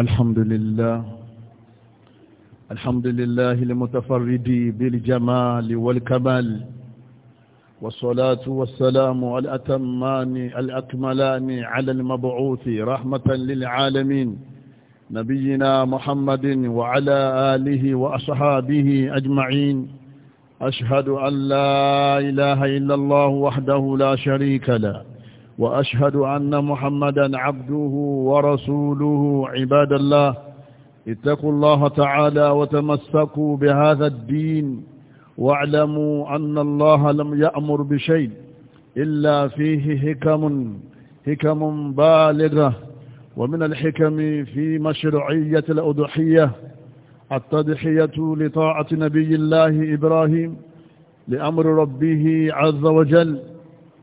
الحمد لله الحمد لله المتفرد بالجمال والكمال والصلاة والسلام الأتمان الأكملان على المبعوث رحمة للعالمين نبينا محمد وعلى آله وأصحابه أجمعين أشهد أن لا إله إلا الله وحده لا شريك له وأشهد أن محمدا عبده ورسوله عباد الله اتقوا الله تعالى وتمسكوا بهذا الدين واعلموا أن الله لم يأمر بشيء إلا فيه حكم حكم بالغة ومن الحكم في مشروعية الأضحية التضحية لطاعة نبي الله إبراهيم لأمر ربه عز وجل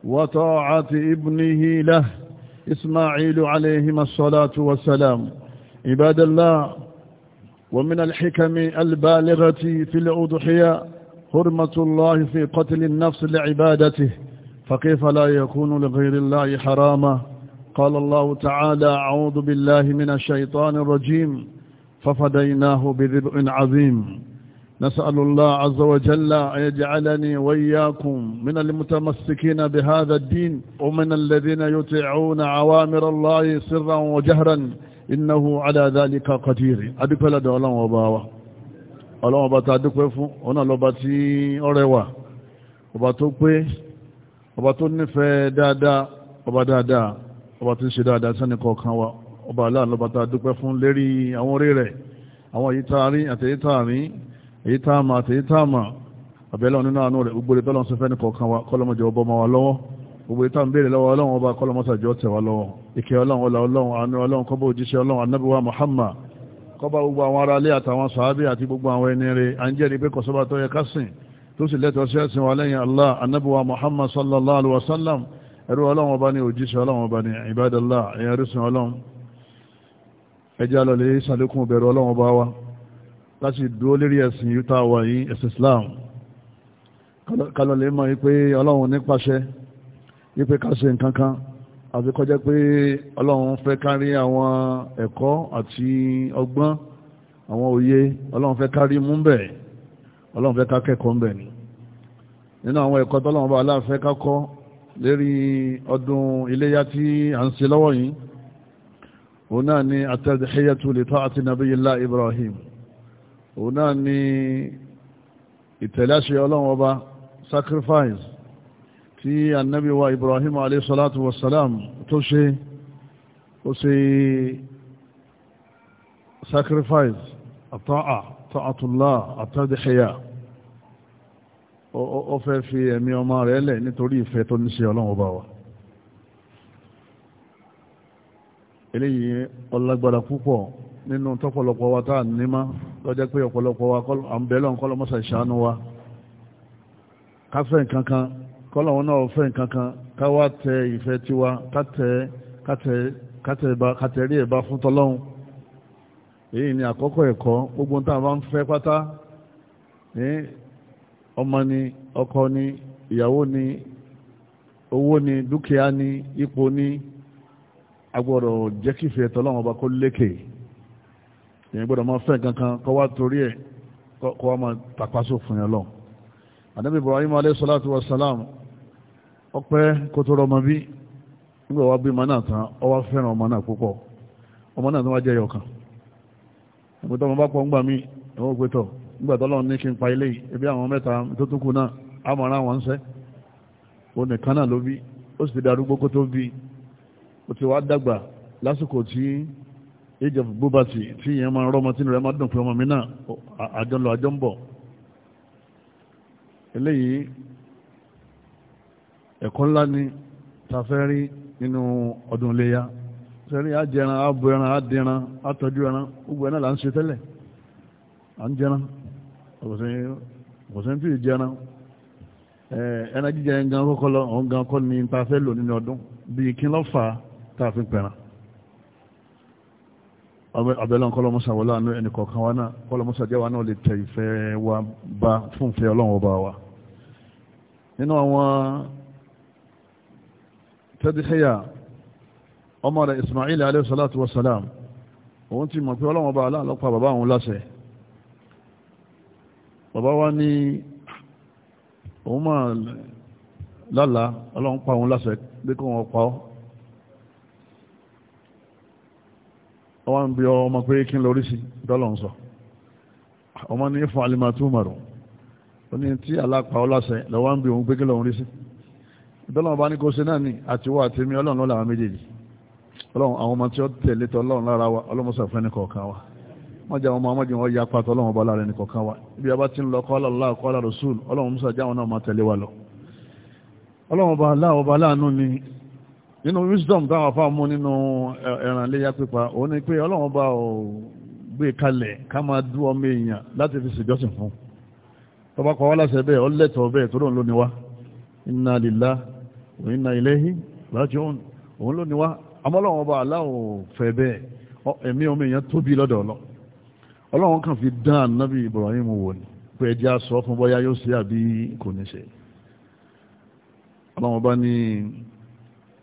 وطاعة ابنه له إسماعيل عليهما الصلاة والسلام عباد الله ومن الحكم البالغة في الأضحية حرمة الله في قتل النفس لعبادته فكيف لا يكون لغير الله حراما قال الله تعالى أعوذ بالله من الشيطان الرجيم ففديناه بذبء عظيم نسأل الله عز وجل أن يجعلني وإياكم من المتمسكين بهذا الدين ومن الذين يطيعون عوامر الله سرا وجهرا إنه على ذلك قدير أدوك لدى الله وباوة الله وباتا أدوك وفو هنا لباتي أروا وباتوك وباتو نفى دادا وبادادا وباتو شدادا سنكو كوا وبالا لباتا أدوك وفو لري أموري ري أموري تاري أتي تاري èyí táàmà àti èyí táàmà àbẹ́lẹ̀ nínú àánú rẹ̀ gbogbo ìtọ́lọ́ sí fẹ́ ní kọ̀ọ̀kan wa kọ́lọ́mọjọ ọbọ̀ ma wa lọ́wọ́ gbogbo ìtàn béèrè lọ́wọ́ ọlọ́run ọba kọ́lọ́mọsàjọ́ tẹ̀ wá lọ́wọ́ ìkẹ́ ọlọ́run ọlá ọlọ́run àánú ọlọ́run kọ́bọ̀ òjíṣẹ́ ọlọ́run anábíwá Muhammad kọ́bọ̀ gbogbo àwọn ará ilé àtàwọn sàábì àti gbogbo àwọn ẹni rẹ̀ à ń jẹ́rìí pé kọ̀sọ́bà tó yẹ kásìn tó sì láti dúró lérí ẹ̀sìn yúta wà yí ẹ̀sìn Islam kálọ̀lẹ́ mọ̀ wípé ọlọ́run nípasẹ̀ wípé ká ṣe nǹkan kan àti kọjá pé ọlọ́run fẹ́ kárí àwọn ẹ̀kọ́ àti ọgbọ́n àwọn òye ọlọ́run fẹ́ kárí mú bẹ̀ ọlọ́run fẹ́ ká kẹ́kọ̀ọ́ bẹ̀ ni nínú àwọn ẹ̀kọ́ tọ́lọ́run bá aláàfẹ́ kákọ́ lérí ọdún iléyá tí à ń ṣe lọ́wọ́ yìí òun náà ni at-tadhiyatu li ta'ati nabiyillah Ibrahim òun náà ni ìtẹ̀láṣẹ ọlọ́run ọba sacrifice tí annabi wa ibrahim aleyhisalatu wasalam tó ṣe ó ṣe sacrifice àtàà tààtùlá àtàdìṣẹ́yà ó fẹ́ fi ẹ̀mí ọmọ rẹ̀ lẹ̀ nítorí ìfẹ́ tó ní sí ọlọ́run ọba wa eléyìí ọlágbára púpọ̀ nínú tọ́pọ̀lọpọ̀ wa nímá lọ́jẹ́ pé ọ̀pọ̀lọpọ̀ wa àmbẹ́lọ́n kọ́lọ́ mọ́sà ìṣàánú wa ká fẹ́ nǹkan kan wọn náà fẹ́ ká wá tẹ ìfẹ́ tiwa kátẹ̀rí ẹ̀bá fún tọ́lọ́hun èyí ni àkọ́kọ́ ẹ̀kọ́ gbogbo tá a bá ń ni ọkọ ni ìyàwó ni owó ni dúkìá ni ipò ni agbọ́dọ̀ èyàn gbọ́dọ̀ máa fẹ́ kankan kọ́ wá torí ẹ̀ kọ́ wá fún yẹn lọ ànábì Ibrahim alayhi wa salam ọpẹ́ kó tó rọmọ bí nígbà wá bí ọmọ náà tán ọ wá fẹ́ràn ọmọ náà púpọ̀ ọmọ náà tó wá jẹ́ ẹyọkan ìgbà tó ọmọ bá pọ̀ ńgbà mí ìwọ́n ògbé tọ̀ nígbà tó ní kí n pa ilé ibi àwọn mẹ́ta tó tún kù náà wá dàgbà lásìkò ìjọ bó bá sì fi ìyẹn máa rọ́mọ tí rẹ̀ máa dùn ọmọ mi náà àjọlọ àjọ ń bọ̀ eléyìí ẹ̀kọ́ ńlá ni ta fẹ́ rí nínú ọdún iléyà sẹ́rí àjẹran àbò ẹran na àtọ́jú ẹran gbogbo ẹ̀nà là ń ṣe tẹ́lẹ̀ à ń jẹran ni ta fẹ́ lò nínú ọdún bíi kí ló fà abẹ́lẹ́ kọ́lọ́mọ́sá wọlé àánú ẹnì kọ̀ọ̀kan wa náà kọ́lọ́mọ́sá jẹ́ wa náà lè tẹ ìfẹ́ wa bá fún ìfẹ́ ọlọ́run ọba wa nínú àwọn tẹ́díṣẹ́yà ọmọ rẹ̀ Ismail alayhi salatu wa salam òun ti mọ̀ pé ọlọ́run ọba aláàlọ́pàá bàbá òun láṣẹ bàbá wa ní òun máa lálàá ọlọ́run pa òun láṣẹ pé kó wọn pa ọ́ ọwọ́ ń bí ọmọ pé kí n lórí sí dọ́lọ̀ ń sọ ọmọ ní fún alimatu maru ó ní tí alápá ọlọ́sẹ̀ lọ́wọ́ ń bí òun pé kí rí sí dọ́lọ̀ bá ní kó ṣe náà ní àti mi ọlọ́run lọ́la àwọn méjèèjì ọlọ́run àwọn ọmọ tí ó tẹ̀lé tọ́ ọlọ́run lára wa fún kọ̀ọ̀kan wa wọ́n jẹ́ ọmọ ọmọdé wọn ọlọ́run ọba lára kọ̀ọ̀kan wa ti ń lọ kọ́ ọlọ́run láàkọ́ ọlọ́run rasul ọlọ́run musa jáwọn náà máa tẹ̀lé wa lọ ọlọ́run ọba aláàánú nínú wisdom táwọn afá mú nínú ẹran léyà pípa òun ni pé ọlọ́run bá ò gbé kalẹ̀ ká máa dú ọmọ èèyàn láti fi ṣèjọ́sìn fún tọba kọ wá láṣẹ bẹ́ẹ̀ ọlẹ́tọ̀ọ́ bẹ́ẹ̀ tó lóun ló ní wá inna lillahi wa inna ilayhi raji'un òun ló ní wá àmọ́ ọlọ́run ọba aláwọ̀ fẹ́ bẹ́ẹ̀ ẹ̀mí ọmọ èèyàn tóbi lọ́dọ̀ ọlọ́ ọlọ́run kan fi dán ànábì Ibrahim wò ní pé ẹjẹ́ aṣọ fún bọ́yá yóò ṣe àbí kò ní ṣe ọlọ́run ọba ní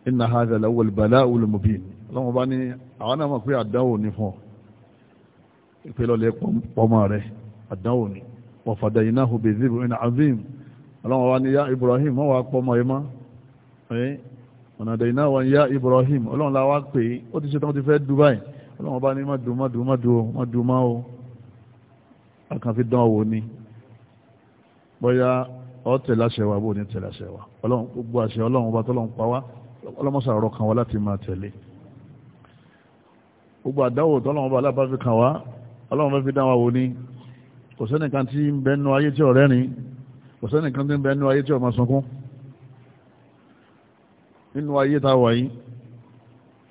inna hadha lawal bala'ul mubin ọlọ́run bá ní àwọn náà mọ̀ pé àdánwò ní fún ọ ìpìlọ̀lẹ̀ pọ̀mọ rẹ̀ àdánwò ní wa fadaynahu bi dhibhin azim ọlọ́run wá ní ya Ibrahim wọ́n wá pọ̀mọ ẹ̀ mọ́ ọ̀nà dẹ̀yìnà wọn ya Ibrahim ọlọ́run la wá pè é ó ti ṣe tán ti fẹ́ Dubai ọlọ́run bá ní má dùn ọlọ́mọsà ọ̀rọ̀ kan wá láti máa tẹ̀lé gbogbo àdáwò tọ́lọ́mọba alábáfi kan wá ọlọ́mọba fi dá wa wò ní kò sẹ́nìkan tí ń bẹ nú ayé tí ọ̀rẹ́ rìn kò sẹ́nìkan tí ń bẹ nú ayé tí ọmọ sunkún nínú ayé tá a wà yìí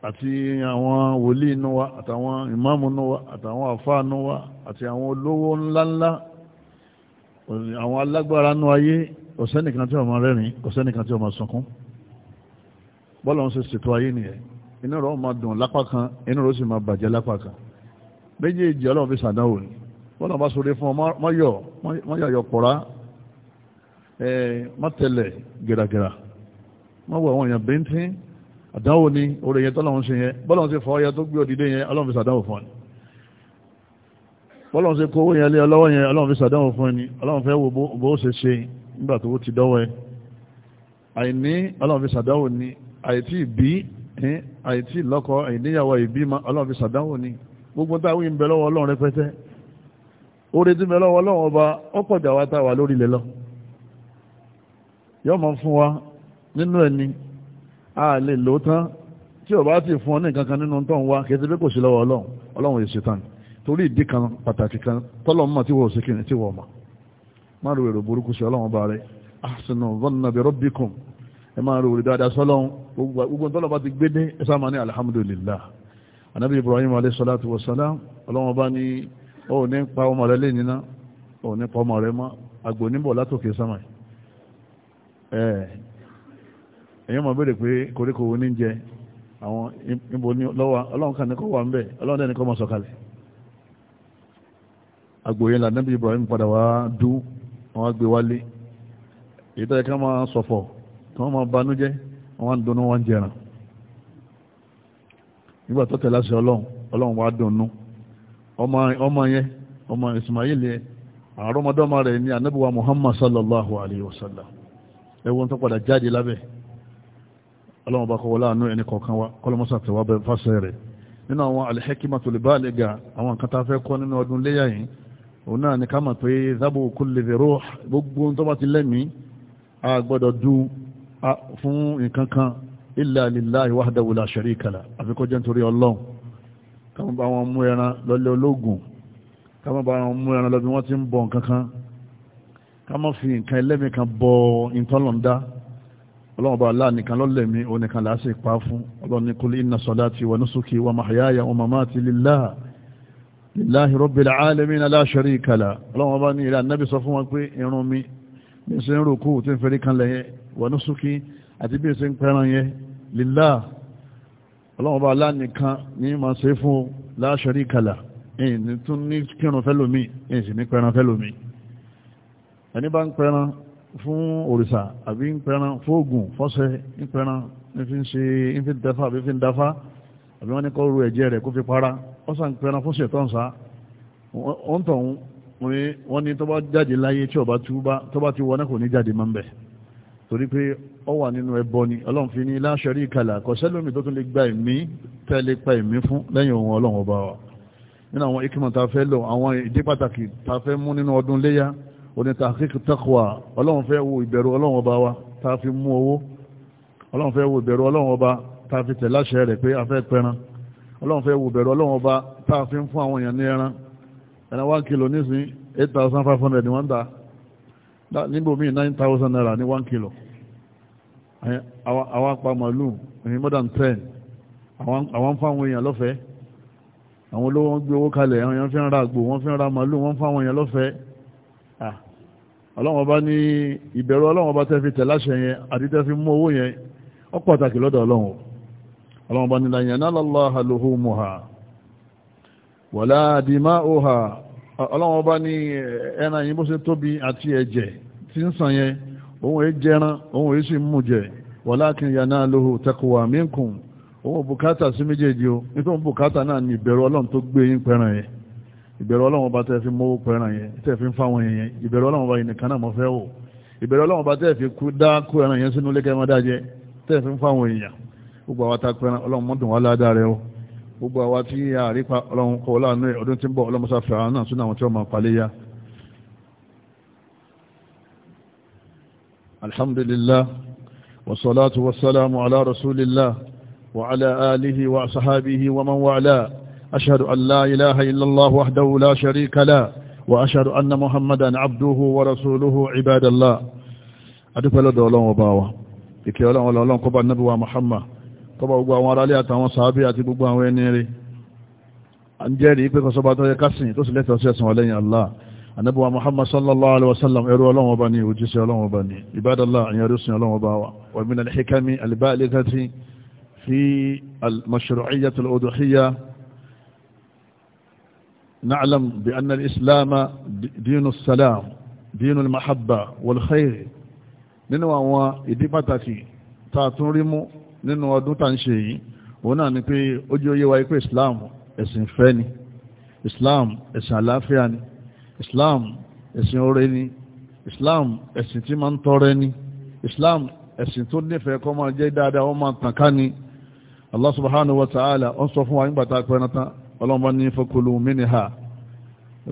àti àwọn wòlíì inú wa àtàwọn ìmáàmù inú wa àtàwọn àfáà inú wa àti àwọn olówó ńláńlá àwọn alágbára inú ayé kò sẹ́nìkan tí ọmọ rẹ́rìn kò sẹ́nìkan tí ọmọ sunkún bọ́lá ń ṣe ṣètò ayé nìyẹn inú rẹ̀ máa dùn lápá kan inú rẹ̀ sì máa bàjẹ́ lápá kan méjèèjì ọlọ́run fi ṣàdánwò ni bọ́lá bá sọ̀rọ̀ fún ọ mọ́yọ̀ mọ́yọ̀ pọ̀rá mọ́tẹ̀lẹ̀ gẹ̀ràgẹ̀rà wọ́n wọ àwọn èèyàn bíntín àdánwò ni orí yẹn tọ́lọ́run ṣe yẹn bọ́lá ń ṣe fọ́ ọyẹ tó gbé òdìdé yẹn ọlọ́run fi ṣàdánwò fún ọ ni bọ́lọ́n ṣe kó owó yẹn lé ọlọ́wọ́ yẹn ọlọ́run fi sàdánwò fún ẹni ọlọ́run fẹ́ wo bó ṣe ṣe nígbà tó ti dọ́wọ́ ẹ àìní ọlọ́run fi sàdánwò ní àìtí ìbí àìtí ìlọ́kọ ìníyàwó ìbímọ ọlọ́run fi ṣàdánwò ni gbogbo táwọn ìbẹ̀ lọ́wọ́ ọlọ́run rẹpẹtẹ oore tí ń bẹ lọ́wọ́ ọlọ́run ọba ọ̀pọ̀jà wa tá a wà lórí ilẹ̀ lọ yóò máa fún wa nínú ẹni a lè lò tán tí ọba ti fún ọ ní nǹkan kan nínú tó ń wá kì í ti bí kò sí lọ́wọ́ ọlọ́run ọlọ́run yìí ṣetán torí ìdí kan pàtàkì kan tọ́lọ́mù mọ̀ tí wọ́n ṣe sí ọlọ́run ẹ máa rò rí dáadáa sọ́lọ́run gbogbo tọ́lọ́ bá ti gbé dé ẹ ní alhamdulillah anabi ibrahim alayhi salatu wa salam ọlọ́wọ́n bá ní ó ní pa ọmọ rẹ lè níná ó ní pa ọmọ rẹ mọ́ àgbò níbọ̀ látòkè sámà ẹ̀yọ́ ma bèèrè pé koríko wo ní jẹ àwọn ìbò ní lọ́wọ́ kan ní kọ́ wà ń bẹ̀ ọlọ́run dẹ́ni kọ́ mọ̀ sọ̀kalẹ̀ àgbò yẹn lànàbí ibrahim padà wá dú wọn gbé wálé èyí tí wọ́n máa banújẹ́ wọ́n ń dunnú wọ́n ń jẹran nígbà tó tẹ̀lé aṣọ ọlọ́run ọlọ́run wá dunnú ọmọ yẹn ọmọ Ismail yẹn àrọ́mọdọ́mọ rẹ̀ ní anábíwá Muhammad sallallahu alayhi wa sallam ẹwọ́n tó padà jáde lábẹ́ ọlọ́run bá kọwọ́ láàánú ẹni kọ̀ọ̀kan wa kọlọmọ́sà tẹ̀wá bẹ fásẹ̀ rẹ̀ nínú àwọn al-hikmatul baligha àwọn kan tá fẹ́ kọ́ nínú ọdún léyà yìí òun náà ni ká mọ̀ pé zabu kulli dhi ruh gbogbo tó bá ti lẹ́mìí a gbọ́dọ̀ dùn fún nǹkan kan illa lillahi wahdahu la sharika lah àfikọ́ jẹ́ nítorí ọlọ́run káwọn bá wọn mú ẹran lọ́lẹ́ ológun káwọn bá wọn mú ẹran lọ́bí wọ́n ti ń bọ nǹkan kan káwọn fi nǹkan ẹlẹ́mì kan bọ ìtọ́lọ̀ndá ọlọ́run bá aláà nìkan lọ́lẹ́mí onìkan làá sì pa fún ọlọ́run ní kul inna salati wa nusuki wa mahyaya wa mamati lillahi lillahi rabbil alamin la sharika lah ọlọ́run bá ní ilẹ̀ anábì sọ fún wọn pé irun mi ní sẹ́yìn rúkú tí ń fẹ́rí kan lẹ́yìn wa nusuki àti bí ẹsẹ̀ ń pẹ́ran yẹn lillah ọlọ́run bá aláàníkan ní máa ṣe fún la sharika lah ẹ̀yìn ní tún ní kírun fẹ́lòmí ẹ̀yìn sì ní pẹ́ran fẹ́lòmí ẹni bá ń pẹ́ran fún òrìṣà àbí ń pẹ́ran fóògùn fọ́sẹ̀ ń pẹ́ran fi ń ṣe ń fi dáfá àbí fi ń dáfá àbí wọ́n ní kọ́ ru ẹ̀jẹ̀ rẹ̀ kó fi para ọ̀sà ń pẹ́ran fún ṣètọ́nsá wọ́n tọ̀hún wọ́n ní tó bá jáde láyé tí ó bá túbá tó bá ti wọ́n náà kò ní jáde mọ́ ń bẹ̀ torí pé ó wà nínú ẹbọ ni ọlọ́run fi ní la sharika lah kò sẹ́lómi tó tún lè gba ẹ̀mí tẹ́ lè pa ẹ̀mí fún lẹ́yìn ohun ọlọ́run ọba wa nínú àwọn ikimọ̀ ta fẹ́ lò àwọn ìdí pàtàkì ta fẹ́ mú nínú ọdún léyá oní tahqiq taqwa ọlọ́run fẹ́ wo ìbẹ̀rù ọlọ́run ọba wa ta fi mú owó ọlọ́run fẹ́ wo ìbẹ̀rù ọlọ́run ọba ta fi tẹ̀ láṣẹ rẹ̀ pé a pẹran ọlọ́run fẹ́ wo ìbẹ̀rù ọlọ́run ọba ta fi ń fún àwọn èèyàn ní ẹran ẹran one kilo nísìnyí eight thousand five hundred ni wọ́n ń ta níbòmí 9,000 naira ní 1 kilo àwọn apá màálù ní more than 10 àwọn fáwọn èèyàn lọ́fẹ̀ẹ́ àwọn olówó wọn gbé owó kalẹ̀ àwọn èèyàn fi ń ra àgbò wọ́n fi ń ra màálù wọ́n fáwọn èèyàn lọ́fẹ̀ẹ́ ọlọ́wọ́n bá ní ìbẹ̀rù ọlọ́wọ́n bá tẹ́ fi tẹ̀ láṣẹ yẹn àti tẹ́ fi mú owó yẹn ó pàtàkì lọ́dọ̀ ọlọ́wọ́n ọlọ́wọ́n bá ní la yanala Allaha luhumuha wala dima'uha ọlọ́wọ́n bá ní eh, ẹran yìí bó ṣe tóbi àti ẹ̀jẹ̀ tí ń sàn yẹn òun èé jẹran òun èé sì mú jẹ walakin yanaluhu taqwa minkum òun bùkátà sí méjèèjì o nítorí bùkátà náà ní ìbẹ̀rù ọlọ́run tó gbé yín yẹn ìbẹ̀rù ọlọ́run fi yẹn fi ń fáwọn yẹn ìbẹ̀rù ọlọ́run náà mọ́ fẹ́ wò ìbẹ̀rù ọlọ́run fi dá ẹran yẹn sínú fi ń fáwọn èèyàn gbogbo àwọn ọlọ́run ládàá gbogbo àwa tí a rí pa ọlọ́run kọ láàánú ọdún tí ń bọ̀ ọlọ́mọsá fẹ́ àwọn náà súnà àwọn tí wọ́n máa palẹ̀ yá. alhamdulillah wasalaatu wasalaamu ala rasulillah wa ala alihi wa sahabihi wa man wala ashhadu an la ilaha illallah wahdahu la sharika la wa ashhadu anna muhammadan abduhu wa rasuluhu ibadallah adúpẹ́ lọ́dọ̀ ọlọ́run ọba wa ìkẹ́ ọlọ́run ọlọ́run kó nabi wa muhammad kọba gbogbo àwọn aráalé àtàwọn sàábé àti gbogbo àwọn ẹni rí a ń jẹ́rìí pé kọsọba tó yẹ kásìn tó sì lẹ́tọ̀ọ́ sí ẹ̀sìn ọlẹ́yìn Allah Ànábì wa Muhammad sallallahu alaihi wasallam ẹrú Ọlọ́hun Ọba نعلم بأن الإسلام دين السلام دين المحبة والخير من àwọn ìdí pàtàkì tá nínú ọdún tá ń ṣe yìí òun náà ni pé ojú oyé wa pé Islam ẹ̀sìn fẹ́ ni Islam ẹ̀sìn àlàáfíà ni Islam ẹ̀sìn oore ni Islam ẹ̀sìn tí máa ń tọrẹ ni Islam ẹ̀sìn tó nífẹ̀ẹ́ kọ́ máa jẹ́ dáadáa wọ́n máa tàn ká ni Allah subhanahu wa ta'ala ó sọ fún wa nígbà tá a pẹ́ náà tán ọlọ́mọba ní fakulu minha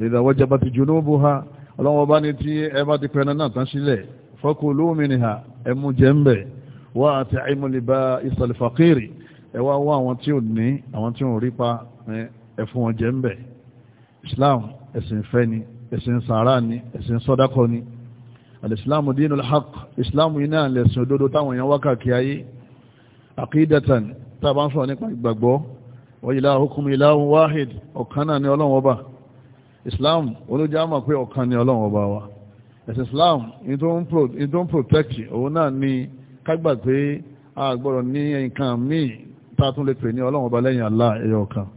ìdá wajabat junubuha ọlọ́mọba ní tí ẹ bá ti pẹ́ náà tán sílẹ̀ fakulu minha ẹ mú jẹ ń bẹ̀ wà á ti àìmọ̀lẹ́bà ìsàlẹ̀ fàkìrì ẹ wá wá àwọn tí ò ní àwọn tí ò rí pa ẹ fún wọn jẹ ń bẹ̀ islam ẹ̀sìn ìfẹ́ ni ẹ̀sìn sàárà ni ẹ̀sìn sọ́dákọ ni alìsìláàmù dínú alhaq islam yìí náà lẹ̀sìn òdodo táwọn èèyàn wákàkì ayé àkídàtàn tá a bá ń sọ̀rọ̀ nípa ìgbàgbọ́ wa ilahukum ilahun wahid ọ̀kan náà ni ọlọ́run ọba islam olójá mọ̀ pé ọ̀kan ni ọlọ́run ọba wa ẹ̀sìn islam in tó ń protect òun náà ni kágbà pé a gbọ́dọ̀ ní nǹkan míì tá a tún lè pè ní ọlọ́run ọba lẹ́yìn Allah ẹ̀yọ̀ kan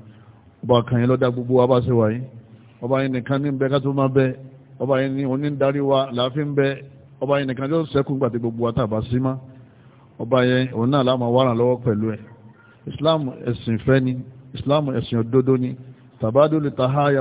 ọba kan yẹn lọ́dá gbogbo wa bá ṣe wáyé ọba yẹn nìkan ní bẹ ká tó máa bẹ ọba yẹn ní onídarí wa láàfin bẹ ọba yẹn nìkan yóò ṣẹ́kù gbàtí gbogbo wa tàbá sí má ọba yẹn òun náà láàmú wàràn lọ́wọ́ pẹ̀lú ẹ̀ Islam ẹ̀sìn ìfẹ́ ni Islam ẹ̀sìn òdodo ni tàbádùn lè tàháyà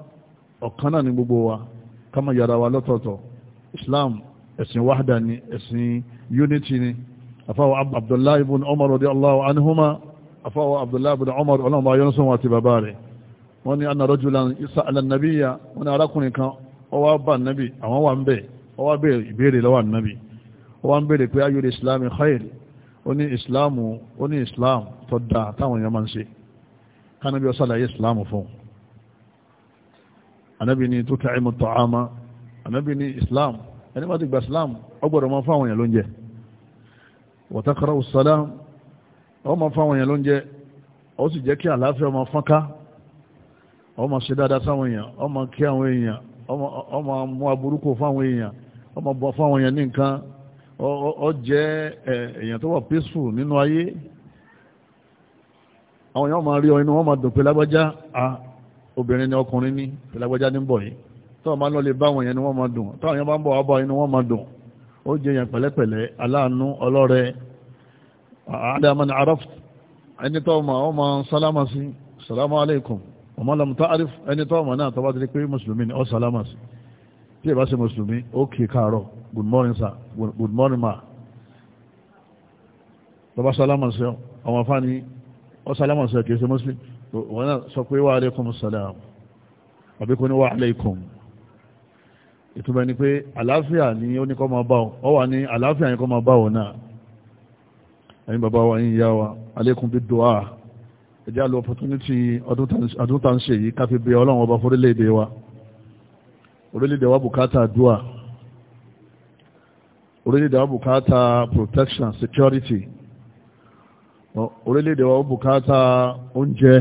ọ̀kan náà ní gbogbo wa ká má yàrá wa lọ́tọ̀ọ̀tọ̀ islam ẹ̀sìn wahda ni ẹ̀sìn unity ni afáwọ̀ abdullahi ibn umar radiyallahu anhuma afáwọ̀ abdullahi ibn umar ọlọ́run bá yọ́nú sọ́wọ́n àti bàbá rẹ̀ wọ́n ní anna rajulan sa'ala nabiyya wọ́n ní arákùnrin kan ó wá bá nàbí àwọn wà ń bẹ̀ ó wá bèèrè ìbéèrè lọ́wọ́ nàbí ó wá ń bèèrè pé ayyul islam khair ó ní islam ó ní islam tó dáa táwọn èèyàn máa ń ṣe kánábí ó islam fún un anábì ní tó tàí mọ́ tọ́ámá anábì ní islam ẹni bá ti gba islam ọgbọ̀dọ̀ máa fáwọn èèyàn lóúnjẹ wọ̀tákàrà òsàlám ọ máa fáwọn èèyàn lóúnjẹ ó sì jẹ́ kí àlàáfíà máa fọ́nká ọ máa ṣe dáadáa sáwọn èèyàn ọ máa kí àwọn èèyàn ọ máa mú aburúkọ fáwọn èèyàn ọ máa bọ fáwọn èèyàn ní nǹkan ọ jẹ́ èèyàn tó wà peaceful nínú ayé àwọn èèyàn máa rí ọ inú wọn máa dùn pé lágbájá obìnrin ni ọkùnrin ní ìlàgbẹ́já ní bọ̀ yìí tọ́ ma lọ lè bá wọn yẹn ni wọ́n ma dùn tọ́ àwọn bá ń bọ̀ wá bọ̀ inú wọ́n ma dùn ó jẹ yẹn pẹ̀lẹ́pẹ̀lẹ́ aláàánú ọlọ́rẹ àdáman araf ẹni tọ́ ma ọ ma sálámà sí sálámà aleikum ọmọ good morning sir good morning ma tọ́ bá sálámà sí ọ ọmọ fani ọ sálámà ṣe mùsùlùmí wọ́n náà sọ pé wa alaikum salam àbí kò ní wa alaikum ìtumọ̀ ni pé àlàáfíà ni ó ní kọ́ máa bá wà ní àlàáfíà ni kọ́ máa bá ọ náà ẹ̀yin bàbá wa yín yá wa alaikum bí dùá ẹjẹ́ àlọ́ opportunity ọdún tá ń ṣe yìí káfí bí ọlọ́run ọba fórílẹ̀-èdè wa orílẹ̀-èdè wa bùkátà dùá orílẹ̀-èdè wa bùkátà protection security orílẹ̀-èdè wa ó bùkátà oúnjẹ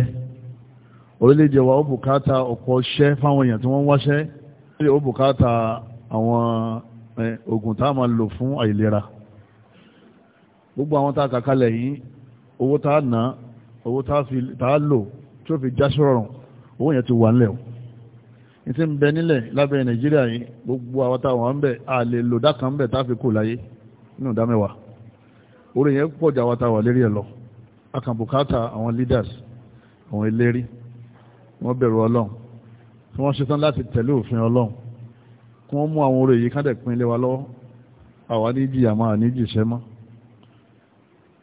orílẹ̀-èdè wa ó bùkátà ọ̀pọ̀ ṣẹ́ fáwọn èèyàn tí wọ́n wáṣẹ́ ó bùkátà àwọn oògùn tá a máa lò fún àìlera gbogbo àwọn tá a yìí owó tá a owó tá a lò tí ó fi já sọ̀rọ̀ owó yẹn ti wà o ní ti ń bẹ nílẹ̀ lábẹ́ nàìjíríà yìí gbogbo àwọn ń a lè lò ń tá a fi kù láyé nínú ìdámẹ́wàá orí yẹn pọ̀ jà ta lérí ẹ̀ akànbùkátà àwọn leaders àwọn eléri wọ́n bẹ̀rù ọlọ́run tí wọ́n ṣetán láti tẹ̀lé òfin ọlọ́run kí wọ́n mú àwọn orò yìí kádẹ̀ pin ilé wa lọ́wọ́ àwa ní jìyà máa ní jìṣẹ́ mọ́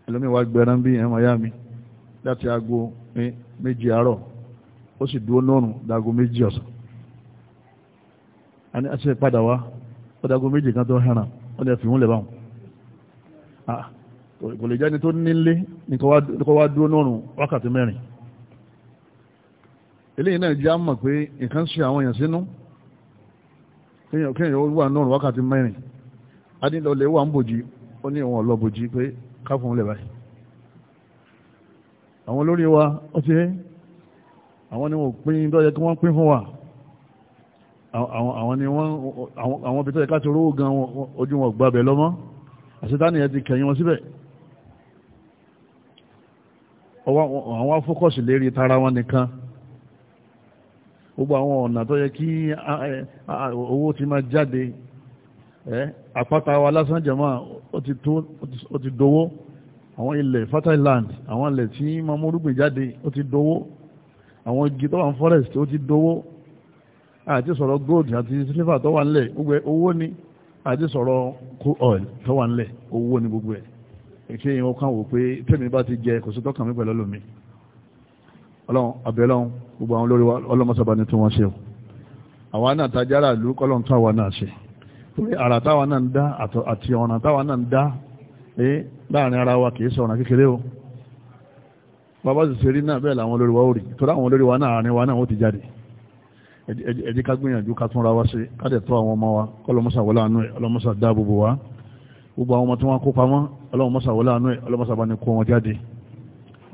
ẹlòmíì wá gbẹran bí ẹ̀rọ ya mi láti aago méjì àárọ̀ ó sì dúró lọ́rùn dáago méjì ọ̀sán a ní àti padà wá ó dáago méjì kan tó hẹ̀ràn ó lè fi wọ́n lè báwọn ah, kò lè jẹ́ni tó nílé ní kó wá dúró nọ́rùn wákàtí mẹ́rin eléyìí náà jẹ́ àmọ̀ pé nǹkan ṣe àwọn èèyàn sínú kéèyàn ó wà nọ́rùn wákàtí mẹ́rin adínlọ́lẹ̀ wà ń bòjì ó ní ìwọ̀n ọlọ́bòjì pé káfọ́n lè báyìí àwọn olórí wa ó ti àwọn ni wọ́n pín dọ́yẹ kí wọ́n pín fún wa àwọn ni wọ́n àwọn bí tọ́yẹ ká rówó gan ojú wọn gbàbẹ̀ lọ́mọ́ àṣetánìyàn ti kẹ̀yìn wọn síbẹ̀ àwọn fókọ̀sì lérí tara wọn nìkan gbogbo àwọn ọ̀nà tó yẹ kí owó ti máa jáde àpáta wa lásán jẹ̀mọ́ ó ti dowó àwọn ilẹ̀ fertile land àwọn ilẹ̀ tí máa múrúgbìn jáde ó ti dowó àwọn igi tó wà ní forest ó ti dowó àti sọ̀rọ̀ gold àti silver tó wà nílẹ̀ gbogbo owó ni àti sọ̀rọ̀ coal oil tó wà nílẹ̀ owó ni gbogbo ẹ̀ kí èèyàn kàn wò pé tèmi bá ti jẹ kò tọ́kàn mi pẹ̀lú ọlọ́mi ọlọ́run àbẹ̀lọ́run gbogbo àwọn olórí ọlọ́mọsọ̀bá ni tí wọ́n ṣe o àwa náà tajára ìlú kọ́lọ́n tó àwa náà ṣe torí àrà táwa náà ń dá àti ọ̀nà táwa náà ń dá láàrin ara wa kìí sọ̀rọ̀ kékeré o bàbá sì ṣe rí náà bẹ́ẹ̀ làwọn olórí wa ó rí torí àwọn olórí wa náà àárín wa náà ó ti jáde ẹ̀dí ká gbìyànjú ká tún ra wa ṣe ká dẹ̀ tó àwọn ọmọ wa kọ́lọ́mọsà wọlé àánú ẹ̀ ọlọ́mọsà dáàbòbò wa gbogbo àwọn ọmọ tí wọ́n kó pamọ́ ọlọ́run mọ́sà wọlé àánú ẹ̀ ọlọ́run mọ́sà bá ní kó wọn jáde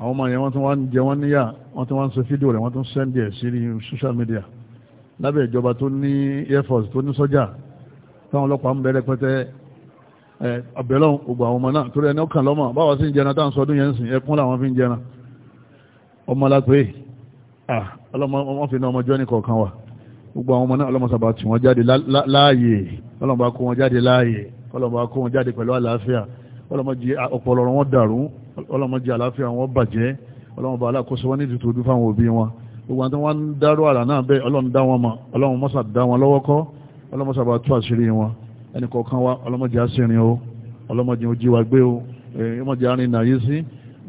àwọn ọmọ yẹn wọ́n tún wọ́n jẹ wọ́n níyà wọ́n tún wọ́n ṣe fídíò rẹ̀ wọ́n tún sẹ́ndì ẹ̀ sí social media lábẹ́ ìjọba tó ní air force tó ní sọ́jà táwọn ọlọ́pàá ń bẹ̀rẹ̀ pẹ́tẹ́ àbẹ̀lọ́hún gbogbo àwọn ọmọ náà torí ẹni ọkàn lọ́mọ báwa sì ń jẹran táwọn sọdún yẹn ń sìn ẹkún làwọn fi ń jẹran ọmọ lápẹ́ ọlọ́mọ fi ná ọmọ jọ́ni kọ̀ọ̀kan wà gbogbo àwọn ọmọ náà ọlọ́mọ sábà tì wọ́n jáde láàyè ọlọ́mọ bá kó wọn jáde láàyè ọlọ́mọ akó wọn jáde pẹ̀lú àlàáfíà ọlọ́mọ jẹ ọpọlọ wọn dàrú ọlọ́mọ jẹ àlàáfíà wọn bàjẹ́ ọlọ́mọ bàálà kó sọ wọn ní ìtùtù dúfà àwọn òbí wọn gbogbo àti wọn ń dárò àlà náà bẹ́ẹ̀ ọlọ́run dá wọn mọ̀ ọlọ́run mọ́sà dá wọn lọ́wọ́ kọ́ ọlọ́mọ sábà tú àṣírí wọn ẹnì kọ̀ọ̀kan wa ọlọ́mọdé àṣírin o ọlọ́mọdé ojú wa gbé o ọmọdé àárín nàyí sí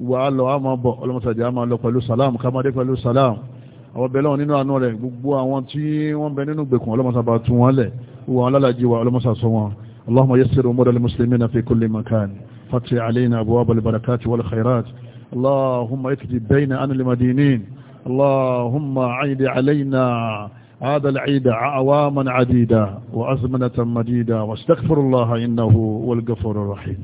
wà á lọ á máa bọ̀ ọlọ́mọdé á máa lọ pẹ̀lú àwọn bẹ̀rẹ̀ wọn nínú àánú rẹ̀ gbogbo àwọn tí wọ́n bẹ nínú gbèkùn ọlọ́mọdé sábà tú wọn lẹ̀ wọ́n alálàjì wa ọlọ́mọdé sọ wọn اللهم يسر أمور المسلمين في كل مكان فتح علينا أبواب البركات والخيرات اللهم اكتب بين أن المدينين اللهم عيد علينا هذا العيد عواما عديدة وأزمنة مديدة واستغفر الله إنه هو الغفور الرحيم